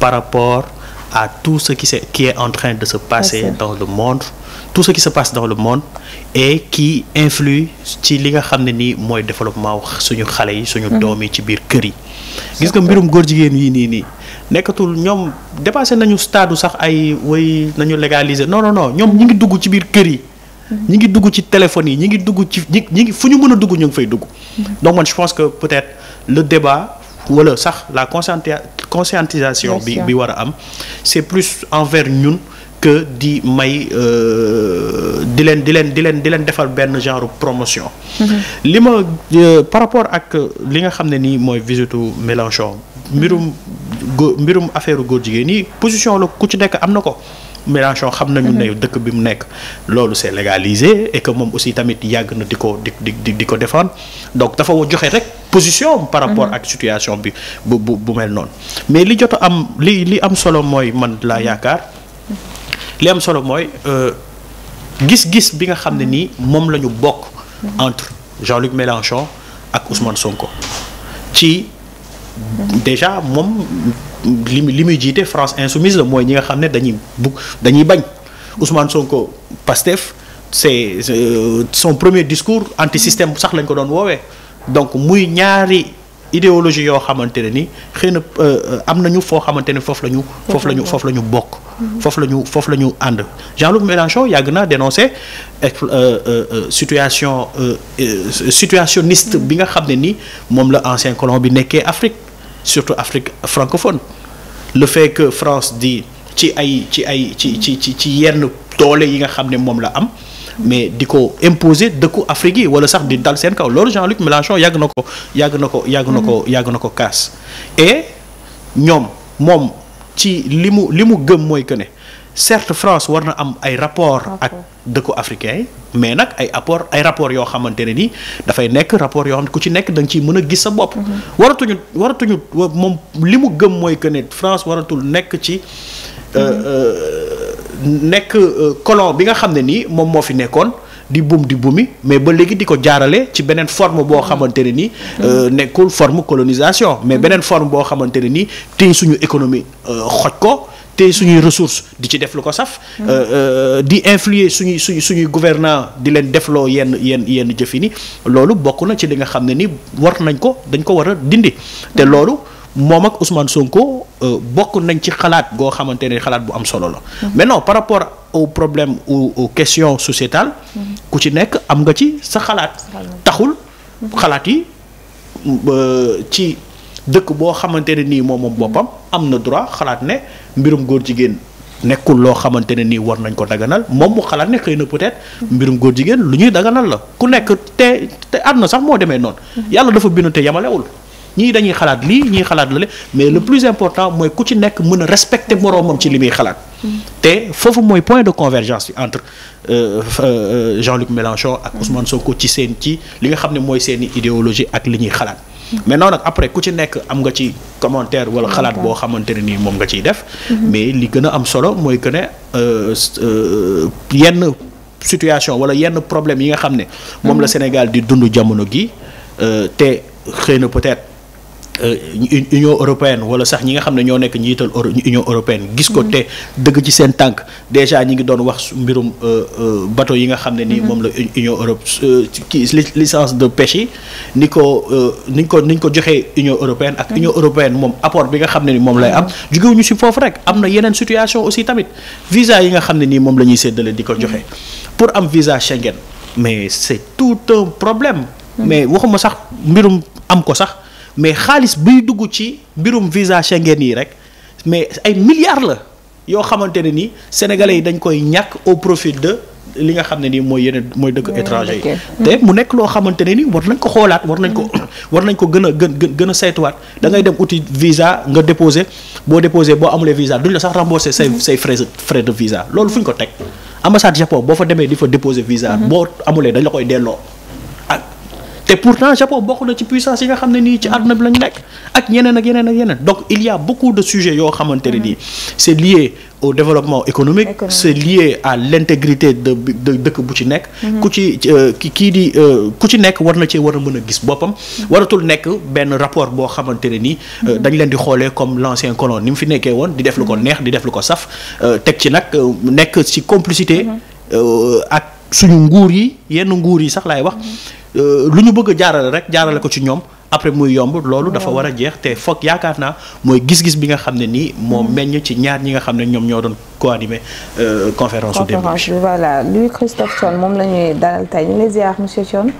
par rapport a tout ce qui, se, qui est en train de se passer Merci. dans le monde tout ce qui se passe dans le monde et qui influe ci li nga xam ne nii mooy développement suñu xale yi suñu mhm. doom yi ci biir kër yi gis nga mbirum góor jigéen yi nii nii nekkatul ñoom dépassé nañu stade sax ay way nañu légaliser non non non ñoom ñu ngi dugg ci biir kër yi mhm. ñu ngi dugg ci téléphone yi ñu ngi dugg ci ñi ngi fu ñu mën a dugg ñu ngi fay dugg mhm. donc man je pense que peut-être conscientisation bi bi war a am c'est plus envers ñun que di may euh, di leen di leen di leen di leen defal benn genre promotion mhm. li ma euh, par rapport ak li nga xam ne nii mooy visitu Mélenchon mbirum go mbirum affaire góor jigéen yi position la ku ci nekk am na ko Mélenchon xam nañu mhm. ne dëkk bi mu nekk loolu c'est légalisé et que moom aussi tamit yàgg na di ko di di di ko défendre donc dafa joxe rek position par mhm. rapport ak situation bi bu bu bu mel noonu mais li jot am li li am solo mooy man laa mhm. yaakaar li am solo mooy euh, gis-gis bi nga xam ne mhm. nii moom la ñu bokk entre Jean-Luc Mélenchon ak Ousmane Sonko ci déjà moom li li muy jiite France insoumise la mooy ñi nga xam ne dañuy bu dañuy bañ Ousmane Sonko Pastef c'est euh, son premier discours anti système sax lañ ko doon woowee donc muy ñaari idéologie yoo xamante ne ni xëy na euh, euh, am nañu foo xamante ne foofu la ñu foofu la ñu foofu la ñu bokk mhm. foofu la ñu foofu la ñu ànd Jean-Luc Mélenchon yàgg naa dénoncé euh, situation situationniste bi nga xam ne ni moom la ancien colon bi nekkee Afrique surtout Afrique francophone le fait que France di ci ay ci ay ci ci ci yenn toole yi nga xam ne moom la am mais di ko imposer dëkku Afrique yi wala sax di dal seen kaw loolu Jean-Luc Mélenchon yàgg na ko yàgg na ko yàgg na ko mhm. yàgg na ko kaas et ñoom moom ci li mu li mu gëm mooy que ne certes France war na am ay rapport ak dëkku africain yi mais nag ay apport ay rapport yoo xamante ne ni dafay nekk rapport yoo xam ku ci nekk da nga ciy mën a gis sa bopp mhm. waratuñu waratuñu moom li mu gëm mooy que ne France waratul nekk ci euh, mhm. euh, nekk euh, colon bi nga xam ne nii moom moo fi nekkoon di buum di buumi mais ba léegi di ko jaarale ci beneen forme boo mm. xamante ne nii. Mm. Euh, nekkul forme colonisation. mais mm. beneen forme boo xamante ne nii tey suñu économie euh, xoj ko. te suñuy ressource di ci def lu ko saf. di influer suñuy suñuy suñuy gouvernants di leen defloo yenn yenn yenn jëfini loolu bokk na ci li nga xam ne ni war nañ ko dañ ko war a dindi te loolu. moom ak Ousmane Sonko euh, bokk nañ ci xalaat goo xamante ne xalaat bu am solo la. Mhm. mais non par rapport au problème question aux mhm. ku ci nekk am nga ci sa xalaat. taxul mhm. xalaat yi ci dëkk boo xamante ne nii moom moom boppam am na droit xalaat ne mbirum góor jigéen. nekkul loo xamante ne nii war nañ ko daganal moom mu xalaat ne xëy na peut-être mbirum góor jigéen lu ñuy daganal la ku nekk te te àdduna sax moo demee noonu. yàlla dafa bind te yemalewul. ñii dañuy xalaat lii ñii xalaat lale mais le plus important mooy ku ci nekk mën a respecter moroomam ci li muy xalaat. te foofu mooy point de convergence entre euh, euh, euh, Jean-Luc Mélenchon ak Ousmane ko ci seen ci li nga xam ne mooy seen i idéologie ak li ñuy xalaat. maintenant nag après ku ci nekk am nga ci commentaire wala xalaat boo xamante ne nii moom nga ciy def. mais li gën a am solo mooy que ne yenn situation wala yenn problème yi nga xam ne. moom la mm-hmm. Sénégal di dund jamono gi te xëy na peut-être. Euh, Union européenne wala sax ñi nga xam ne ñoo nekk njiital Union européenne gis ko mm-hmm. te dëgg ci seen tànk déjà ñi ngi doon wax mbirum euh, euh, bateau yi nga xam ne nii mm-hmm. moom la Union kii licence de pêche yi ni ko niñ ko niñ ko joxee Union européenne ak mm-hmm. Union européenne moom apport bi nga xam ne ni moom lay am jugewuñu si foofu rek am na yeneen situation aussi tamit visa yi nga xam ne nii moom la ñuy séddale di ko joxe pour am visa Schengen mais c'est tout un problème mais waxuma sax mbirum am ko sax mais xaalis biy dugg ci mbirum visa Schengen yi rek mais ay milliards la yoo xamante ne ni sénégalais yi dañ koy ñàkk au profit de li nga xam ne nii mooy yeneen mooy dëkk étranger yi. te mu nekk loo xamante ne nii war nañ ko xoolaat war nañ ko mm. war nañ ko gën a gën gën a saytuwaat da ngay dem uti visa nga déposé boo déposé boo amulee visa duñ la sax remboursé say mm-hmm. say frais frais de visa loolu fu ñu ko teg ambassade Japon boo fa demee di fa déposé visa. Mm-hmm. boo amulee dañ koy delloo. te pourtant Japon bokk na ci puissance yi nga xam ne nii ci àdduna bi lañu nekk ak yeneen ak yeneen ak yeneen donc il y a beaucoup de sujets yoo xamante ne nii mm-hmm. c'est lié au développement économique c'est lié à l'intégrité dëkk bu ci nekk mm-hmm. ku ci euh, kii di euh, ku ci nekk war na ci war a mën a gis boppam mm-hmm. waratul nekk benn rapport boo xamante ne nii euh, dañ leen di xoolee comme l'ancien colon ni mu fi nekkee woon di def lu ko neex di def lu ko saf teg ci nag nekk ci complicité ak suñu nguur yi yenn nguur yi sax laay wax euh, lu ñu bëgg a jaarale rek jaarale ko ci ñoom après muy yomb loolu dafa war a jeex te foog yaakaar naa mooy gis-gis bi nga xam ne nii moo mm-hmm. meññ ci ñaar ñi nga xam ne ñoom ñoo doon co-animé euh, conférence su démb bi voilà Louis Christophe Thion moom la ñuy dalal tey ñu lay ziar monsieur Thion